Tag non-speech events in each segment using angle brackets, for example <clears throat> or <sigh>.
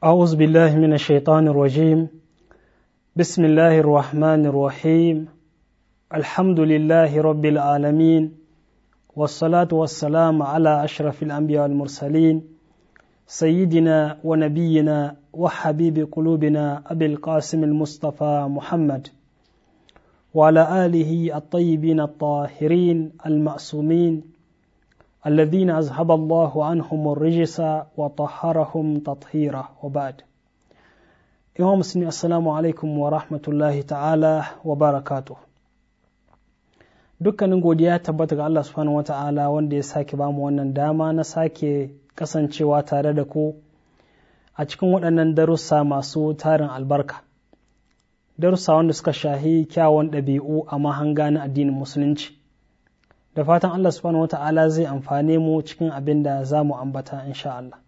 أعوذ بالله من الشيطان الرجيم بسم الله الرحمن الرحيم الحمد لله رب العالمين والصلاة والسلام على أشرف الأنبياء والمرسلين سيدنا ونبينا وحبيب قلوبنا أبي القاسم المصطفى محمد وعلى آله الطيبين الطاهرين المأسومين alladhina azhaba Allahu anhum ar-rijsa wa tahharahum tathira wa ba'd Imam Muslim assalamu alaikum wa ta'ala wa barakatuh Dukkanin godiya tabbata ga Allah subhanahu wa ta'ala wanda ya sake bamu wannan dama na sake kasancewa tare da ku a cikin waɗannan darussa masu tarin albarka darussa wanda suka shahi kyawun ɗabi'u a mahanga na addinin musulunci da fatan Allah subhanahu wata'ala zai amfane mu cikin abin da za mu ambata insha Allah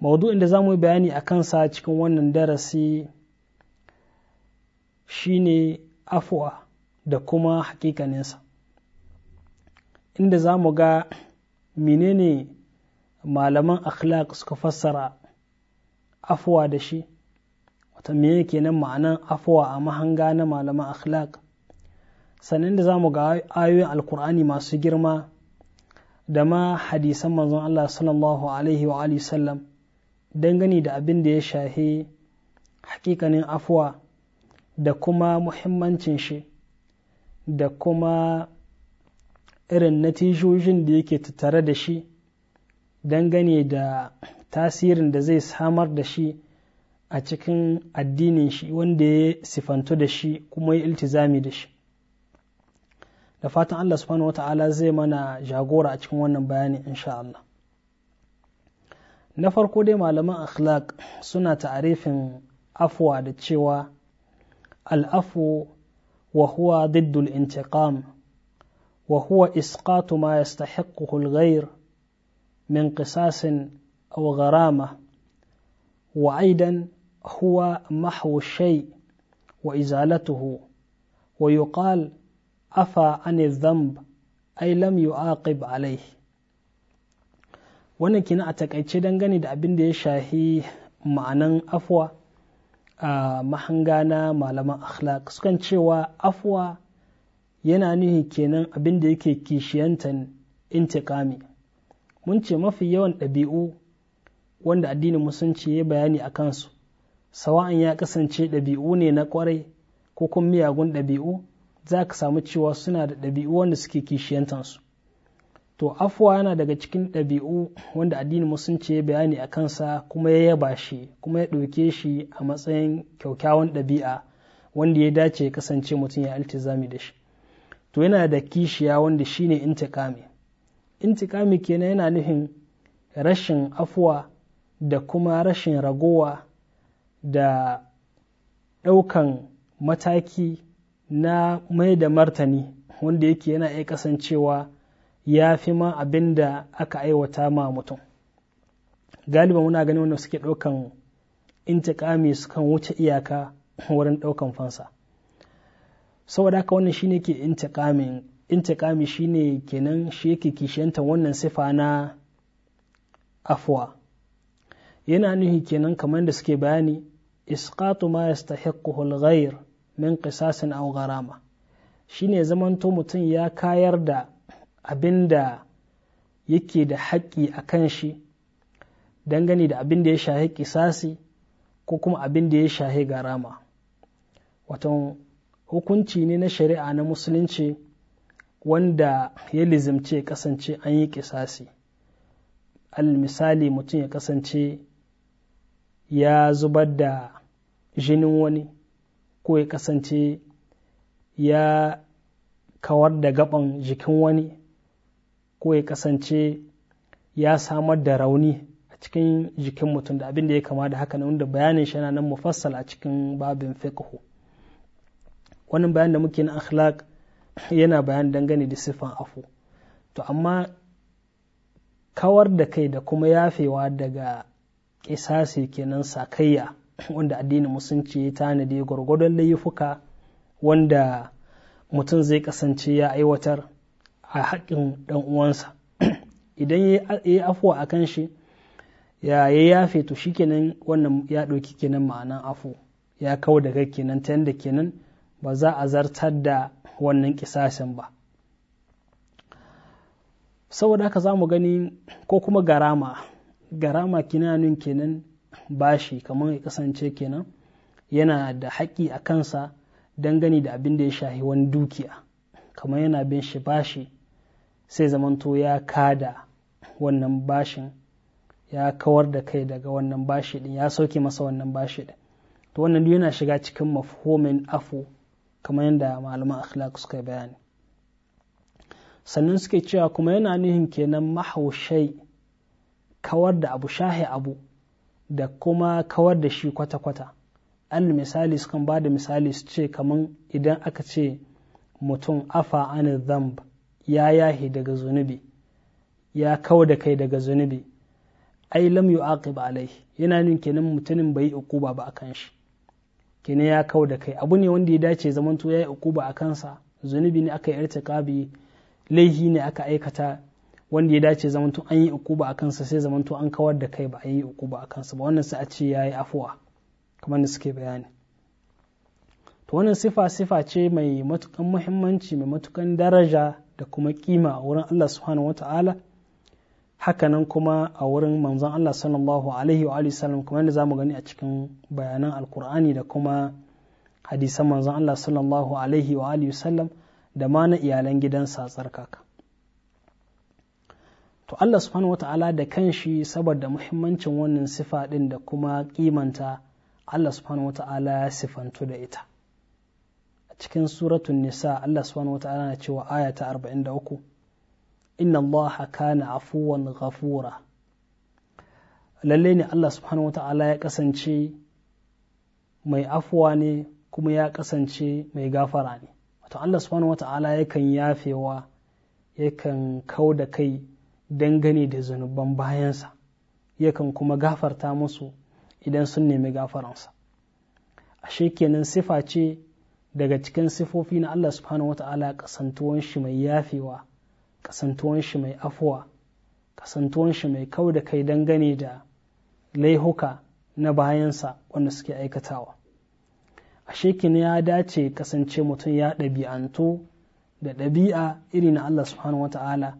maudu'in da za mu yi bayani a kansa cikin wannan darasi shine afuwa da kuma hakikaninsa inda za mu ga menene malaman akhlaq suka fassara afuwa da shi wata me kenan ma'anan afuwa a mahanga na malaman akhlaq sannan da za mu ga ayoyin alkur'ani masu girma da ma hadisan manzon Allah sallallahu alaihi wa alihi sallam dangane da abin da ya shahe hakikanin afuwa da kuma muhimmancin shi da kuma irin natijojin da yake tattare da shi dangane da tasirin da zai samar da shi a cikin addinin shi wanda ya sifantu da shi kuma ya iltizami da shi da fatan Allah subhanahu wa ta'ala zai mana jagora a cikin wannan bayani insha Allah na farko dai malaman akhlaq suna ta'arifin afwa da cewa al'afu wa huwa diddul intiqam wa huwa isqatu ma yastahiqquhu al-ghayr min qisasin aw gharama wa aidan huwa mahwu shay wa izalatuhu wa yuqal afa an zamb ai lam yu'aqib alai wannan kina a takaice dangane da abin da ya shahi ma'anan afwa a mahanga na malaman akhlaq sukan cewa afwa yana nuhi kenan abin da yake kishiyantan intikami mun ce mafi yawan ɗabi'u wanda addinin musulunci ya bayani a kansu sawa'an ya kasance ɗabi'u ne na kwarai ko kuma miyagun ɗabi'u za ka samu cewa suna da ɗabi'u wanda suke kishiyantansu to afuwa yana daga cikin ɗabi'u wanda addinin musulunci ya bayani a kansa kuma ya yaba shi kuma ya ɗauke shi a matsayin kyaukyawan ɗabi'a wanda ya dace ya kasance mutum ya altizami da shi to yana da kishiya wanda shine intikami intikami kenan yana nufin rashin afuwa da kuma rashin ragowa da ɗaukan mataki na mai da martani wanda yake yana iya kasancewa ya fi ma abin da aka aiwata ma mutum galiba muna ganin wanda suke ɗaukan intikami sukan wuce iyaka wurin ɗaukan fansa saboda haka wannan shine ke intikamin intikami shine kenan shi yake kishiyanta wannan sifa na afuwa yana nuhi kenan kamar da suke bayani isqatu ma yastahiqquhu al min qisasin aw gharama shine zamanto mutum ya kayar da abinda yake da haƙƙi a kan shi dangane da abin da ya shahe kisasi ko kuma abin da ya shahe garama watan hukunci ne na shari'a na musulunci wanda ya lizimce ya kasance an yi kisasi misali mutum ya kasance ya zubar da jinin wani ko ya kasance ya kawar da gaban jikin wani ko ya kasance ya samar da rauni a cikin jikin mutum da abin da ya kama da haka na wanda bayanin shi nan mufassal a cikin babin fiqh wannan bayan da muke na akhlaq yana bayan dangane da siffan afu to amma kawar da kai da kuma yafewa daga kisasi kenan sakayya wanda addinin musulunci ya tanadi gwargwadon laifuka wanda mutum zai kasance ya aiwatar a haƙƙin ɗan uwansa <clears throat> idan ya yi afuwa a kan shi ya ya yafe to shikenan wannan ya ɗauki kenan ma'anan afu ya kawo daga kai kenan ta yadda kenan ba za a zartar da wannan kisashen ba saboda haka za mu gani ko kuma garama garama kinanin kenan bashi kamar ya kasance kenan yana da haƙƙi a kansa dangane da abin da ya shahi wani dukiya kamar yana bin shi bashi sai zamanto ya kada wannan bashin ya kawar da kai daga wannan bashi din ya sauke masa wannan bashi din to wannan yana shiga cikin mafhomin afu kamar yadda malaman akhlaq suka yi bayani sannan suke cewa kuma yana nuhin kenan mahaushai kawar da abu shahi abu da kuma kawar da shi kwata-kwata al misali sukan ba da misali su ce kamar idan aka ce mutum afa an zamb ya yahi daga zunubi ya kawo da kai daga zunubi ai lam yu'aqib alai yana nin kenan mutumin bai yi ukuba ba akan shi kenan ya kawo da kai abu ne wanda ya dace zamanto ya yi ukuba a kansa zunubi ne aka yi irtiqabi laihi ne aka aikata wanda ya dace zamanto an yi ukuba a kansa sai zamanto an kawar da kai ba a yi ukuba a kansa ba wannan sai a ce ya yi afuwa kamar da suke bayani to wannan sifa sifa ce mai matukan muhimmanci mai matukan daraja da kuma kima a wurin Allah subhanahu wata'ala hakanan kuma a wurin manzon Allah sallallahu alaihi wa alihi sallam kamar da zamu gani a cikin bayanan alkur'ani da kuma hadisan manzon Allah sallallahu alaihi wa alihi sallam da ma na iyalan gidansa tsarkaka to Allah subhanahu wata'ala da kanshi saboda muhimmancin wannan sifa din da kuma kimanta Allah subhanahu wata'ala ya sifantu da ita a cikin suratun nisa Allah subhanahu wata'ala na cewa aya ta 43 inna Allah kana afuwan ghafura lalle ne Allah subhanahu wata'ala ya kasance mai afuwa ne kuma ya kasance mai gafara ne wato Allah subhanahu wata'ala yakan yafewa yakan kau da kai dangane da zunuban bayansa yakan kuma gafarta musu idan sun nemi gafaransa ashe kenan sifa ce daga cikin sifofi na Allah subhanahu ta'ala kasantuwan shi mai yafewa kasantuwan shi mai afuwa kasantuwan shi mai kau da kai dangane da laihuka na bayansa wanda suke aikatawa ashe kenan ya dace kasance mutum ya ɗabi'antu da ɗabi'a iri na Allah subhanahu ta'ala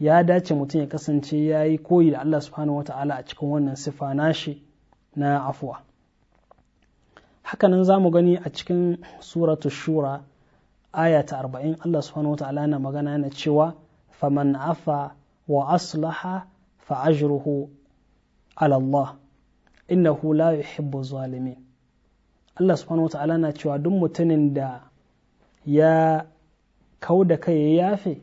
ya dace mutum ya kasance ya yi koyi da Allah subhanahu wa ta'ala a cikin wannan sifa nashi na afuwa hakanan za mu gani a cikin suratu shura aya ta arba'in Allah subhanahu wa ta'ala na magana yana cewa faman afa wa aslaha fa ajruhu ala Allah innahu la yuhibbu zalimin Allah subhanahu wa ta'ala na cewa duk mutumin da ya kau da kai ya yafe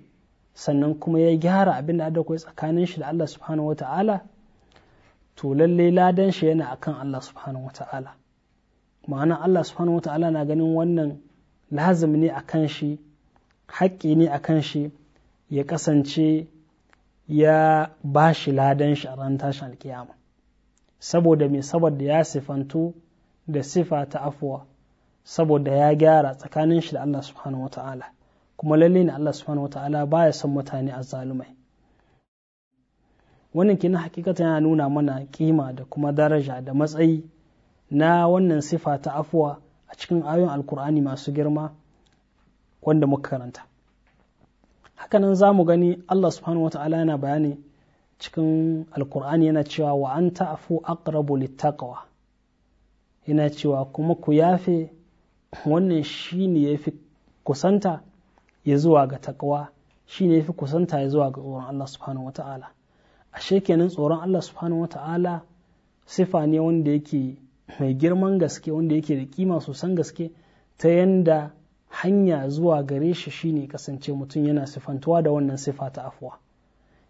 sannan kuma ya gyara abin da adakwai tsakanin shi da Allah subhanahu wa ta'ala to lalle ladan shi yana akan Allah subhanahu wa ta'ala ma'ana Allah subhanahu wa ta'ala na ganin wannan lazim ne akan shi haƙƙi ne akan shi ya kasance ya ba shi ladan shi a ran tashin alkiyama saboda mai saboda ya sifantu da sifa ta afuwa saboda ya gyara tsakanin shi da Allah subhanahu wa ta'ala kuma lalle ne Allah subhanahu wataala baya son mutane a zalumai. wannan kenan hakikata yana nuna mana kima da kuma daraja da matsayi na wannan sifa ta afuwa a cikin ayoyin alkur'ani masu girma wanda muka karanta hakanan za mu gani Allah subhanahu wata'ala yana bayani cikin alkur'ani yana cewa wa an ta'afu aqrabu littaqwa yana cewa kuma ku yafe wannan shine yafi kusanta ya zuwa ga takwa ne yafi kusanta ya zuwa ga tsoron Allah subhanahu ta'ala ashe kenan tsoron Allah subhanahu ta'ala sifa ne wanda yake mai girman gaske wanda yake da kima sosan gaske ta yanda hanya zuwa gare shi shine kasance mutum yana sifantuwa da wannan sifa ta afuwa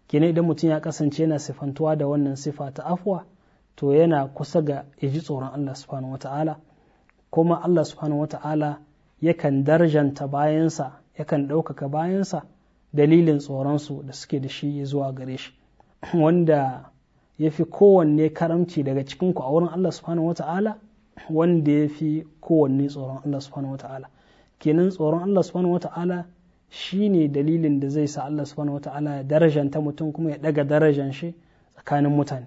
kene idan mutum ya kasance yana sifantuwa da wannan sifa ta afuwa to yana kusa ga ya ji tsoron Allah subhanahu ta'ala kuma Allah subhanahu ta'ala yakan darjanta bayansa yakan ɗaukaka bayansa dalilin tsoronsu da suke da shi zuwa gare shi <clears throat> wanda ya fi kowanne karamci daga cikinku a wurin Allah subhanahu wa ta'ala wanda ya fi kowanne tsoron Allah subhanahu wa ta'ala kenan tsoron Allah subhanahu wa ta'ala shi ne dalilin da zai sa Allah subhanahu wa ta'ala ya darajanta mutum kuma ya ɗaga darajan shi tsakanin mutane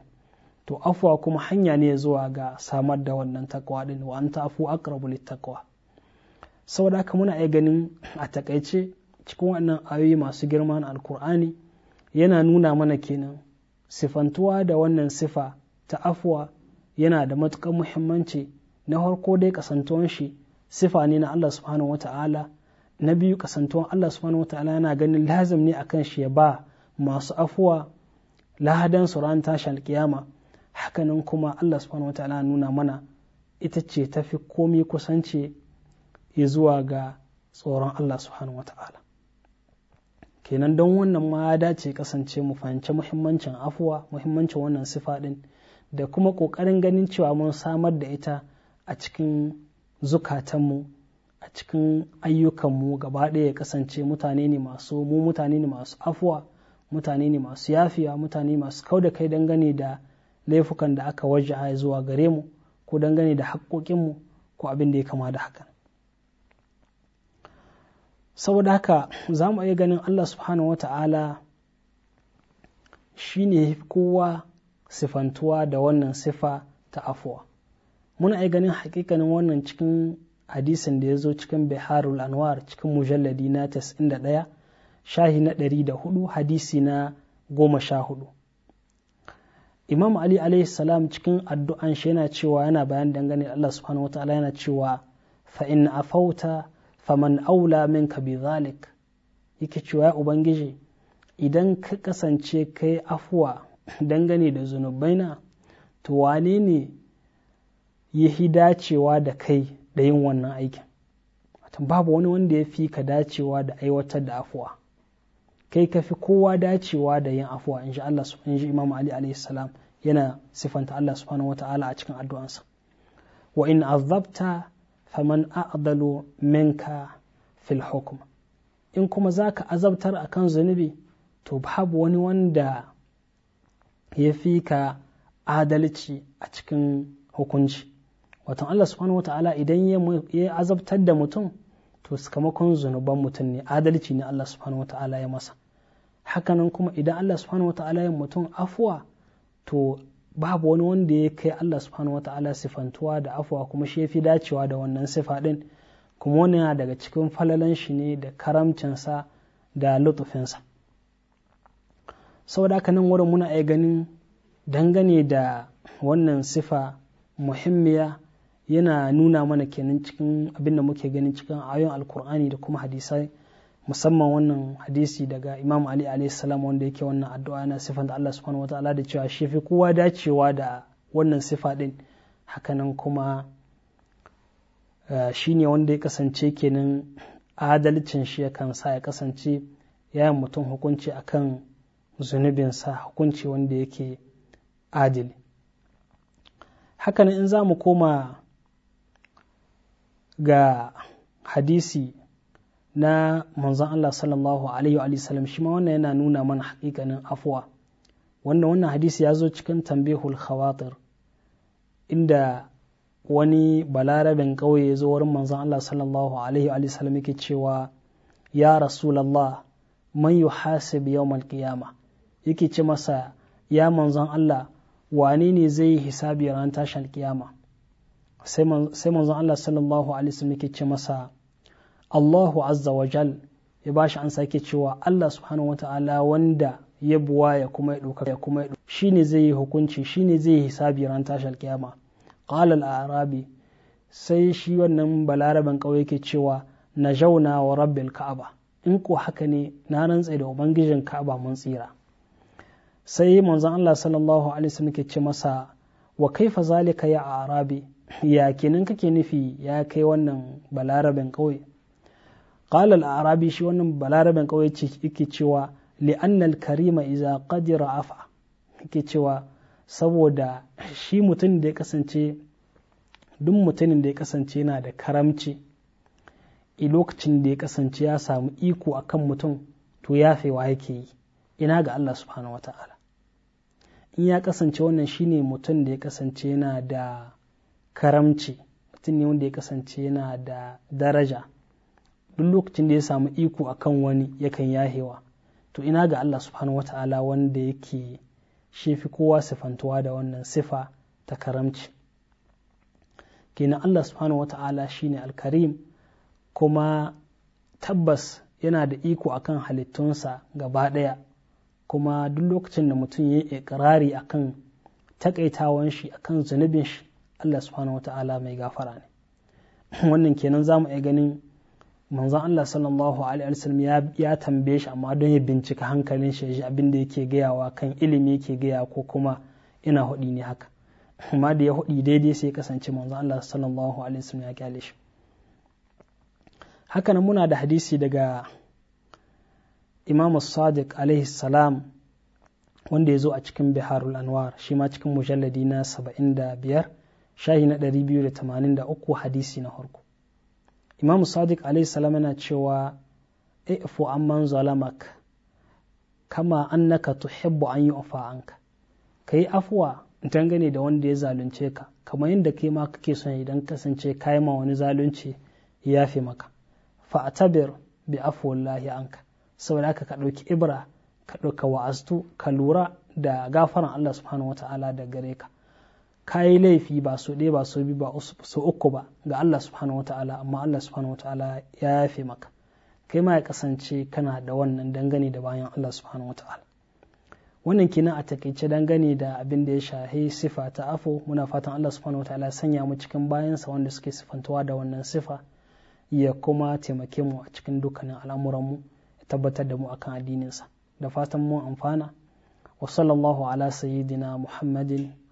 to afuwa kuma hanya ne zuwa ga samar da wannan takwa din wa anta afu aqrabu littaqwa saboda haka muna iya ganin a takaice cikin wannan ayoyi masu girma na alkur'ani yana nuna mana kenan sifantuwa da wannan sifa ta afuwa yana da matuƙar muhimmanci na farko dai kasantuwan shi sifa ne na Allah subhanahu wata'ala na biyu kasantuwan Allah subhanahu wata'ala yana ganin lazim ne akan shi ya ba masu afuwa lahadan su ran tashi alkiyama hakanan kuma Allah subhanahu wata'ala nuna mana ita ce tafi komai kusance. ya zuwa ga tsoron Allah subhanahu wata'ala kenan don wannan ma ya dace kasance mu fahimci muhimmancin afuwa muhimmancin wannan sifa ɗin da kuma ƙoƙarin ganin cewa mun samar da ita a cikin zukatanmu a cikin ayyukanmu gaba ɗaya ya kasance mutane ne masu mu mutane ne masu afuwa mutane ne masu yafiya mutane masu kau da kai dangane da laifukan da aka wajaha zuwa gare mu ko dangane da haƙƙoƙinmu ko abin da ya kama da hakan saboda haka za mu iya ganin Allah subhanahu wa ta'ala shi ne kowa sifantuwa da wannan sifa ta afuwa muna iya ganin hakikanin wannan cikin hadisin da ya zo cikin biharul anwar cikin mujalladi na 91 shahi na 104 hadisi na 14 imam ali alaihi salam cikin addu'an shi yana cewa yana bayan dangane Allah subhanahu wa ta'ala yana cewa fa in afauta faman aula min bi zalik yake cewa ya ubangiji idan ka kasance kai afuwa dangane da zunubaina to wane ne ya fi dacewa da kai da yin wannan aikin babu wani wanda ya fi ka dacewa da aiwatar da afuwa kai ka fi kowa dacewa da yin afuwa in ji Allah in ji Imam Ali alayhi salam yana sifanta Allah subhanahu wata'ala a cikin addu'ansa wa in azabta faman a'dalu minka fil hukm in kuma zaka azabtar akan zunubi to babu wani wanda ya fi ka adalci a cikin hukunci watan Allah subhanahu wata'ala idan ya azabtar da mutum to sakamakon zunuban mutum ne adalci ne Allah subhanahu wata'ala ya masa hakanan kuma idan Allah subhanahu wata'ala ya mutum afuwa to babu wani wanda ya kai Allah subhanahu wata'ala sifantuwa da afuwa kuma shi ya fi dacewa da wannan sifa ɗin kuma wani yana daga cikin falalan shi ne da karamcinsa da lutufinsa saboda haka nan wurin muna iya ganin dangane da wannan sifa muhimmiya yana nuna mana kenan cikin abin da muke ganin cikin ayon alkur'ani da kuma hadisai musamman wannan hadisi daga imam ali alayhi wanda yake wannan addu'a yana da Allah subhanahu wataala da cewa shi fi kowa dacewa da wannan sifa din hakanan kuma eh, shi ne wanda ya kasance kenan adalcin shi yakan sa ya kasance yayin mutum hukunci akan zunubinsa hukunci wanda yake adili hakanan in za mu koma ga hadisi na manzon Allah sallallahu alaihi wa sallam shi ma wannan yana nuna mana hakikanin afuwa wanda wannan hadisi ya zo cikin tambihul khawatir inda wani balarabin ƙauye ya zo wurin manzon Allah sallallahu alaihi wa sallam yake cewa ya rasulallah man yuhasib yawmal qiyama yake ce masa ya manzon Allah wane ne zai yi hisabi ran tashin kiyama sai manzon Allah sallallahu alaihi wa sallam yake ce masa Allahu azza wa jal ya bashi an sake cewa Allah subhanahu wa ta'ala wanda ya buwa ya kuma ya ɗauka ya kuma ya zai yi hukunci shine zai yi hisabi ran tashi alkiyama qala al-arabi sai shi wannan balaraban kauye ke cewa na jauna wa rabbil ka'aba in ko haka ne na rantsa da ubangijin ka'aba mun tsira sai manzon Allah sallallahu alaihi wasallam ke ce masa wa kaifa zalika ya arabi ya kenan kake nufi ya kai wannan balaraban kauye qala al-arabi shi wannan balaraben kauye ce yake cewa li'annal karima idza qadira afa yake cewa saboda shi mutum da ya kasance duk mutumin da ya kasance na da karamci i lokacin da ya kasance ya samu iko a kan mutum to yafewa yake yi ina ga Allah subhanahu wata'ala in ya kasance wannan shine mutum da ya kasance na da karamci mutum ne wanda ya kasance na da daraja duk lokacin da ya samu iko akan wani yakan yahewa to ina ga Allah subhanahu wata'ala wanda yake shefi kowa sifantuwa da wannan sifa ta karamci kenan Allah subhanahu wata'ala shine alkarim kuma tabbas yana da iko akan halittunsa gaba ɗaya kuma duk lokacin da mutum ya yi ikirari akan takaitawan shi akan zunubin shi Allah subhanahu wata'ala mai gafara ne <clears throat> wannan kenan za mu iya ganin manzon Allah sallallahu alaihi wasallam ya tambaye shi amma don ya bincika hankalin shi shi abin da yake gayawa kan ilimi yake gaya ko kuma ina hudi ne haka amma da ya hudi daidai sai ya kasance manzon Allah sallallahu alaihi wasallam ya kyale shi haka nan muna da hadisi daga Imam Sadiq alaihi salam wanda ya zo a cikin Biharul Anwar shi ma cikin mujalladi na 75 shahi na 283 hadisi na farko imam sadiq alaihi salam yana cewa ifu man zalamak kama annaka tuhibbu an yu'fa anka kai afwa dangane da wanda ya zalunce ka kamar yadda kai ma kake son idan kasance kai ma wani zalunci ya fi maka fa atabir bi afwallahi anka saboda haka ka dauki ibra ka dauka wa'astu ka lura da gafaran Allah subhanahu wata'ala da gare ka ka yi laifi ba so ɗaya ba so biyu ba so uku ba ga Allah subhanahu ta'ala amma Allah subhanahu ta'ala ya yafe maka kai ma ya kasance kana da wannan dangane da bayan Allah subhanahu ta'ala wannan kenan a takaice dangane da abin da ya shahi sifa ta afo muna fatan Allah subhanahu ta'ala sanya mu cikin bayansa wanda suke sifantuwa da wannan sifa ya kuma taimake mu a cikin dukkanin mu ya tabbatar da mu akan addininsa da fatan mun amfana wa sallallahu ala sayyidina muhammadin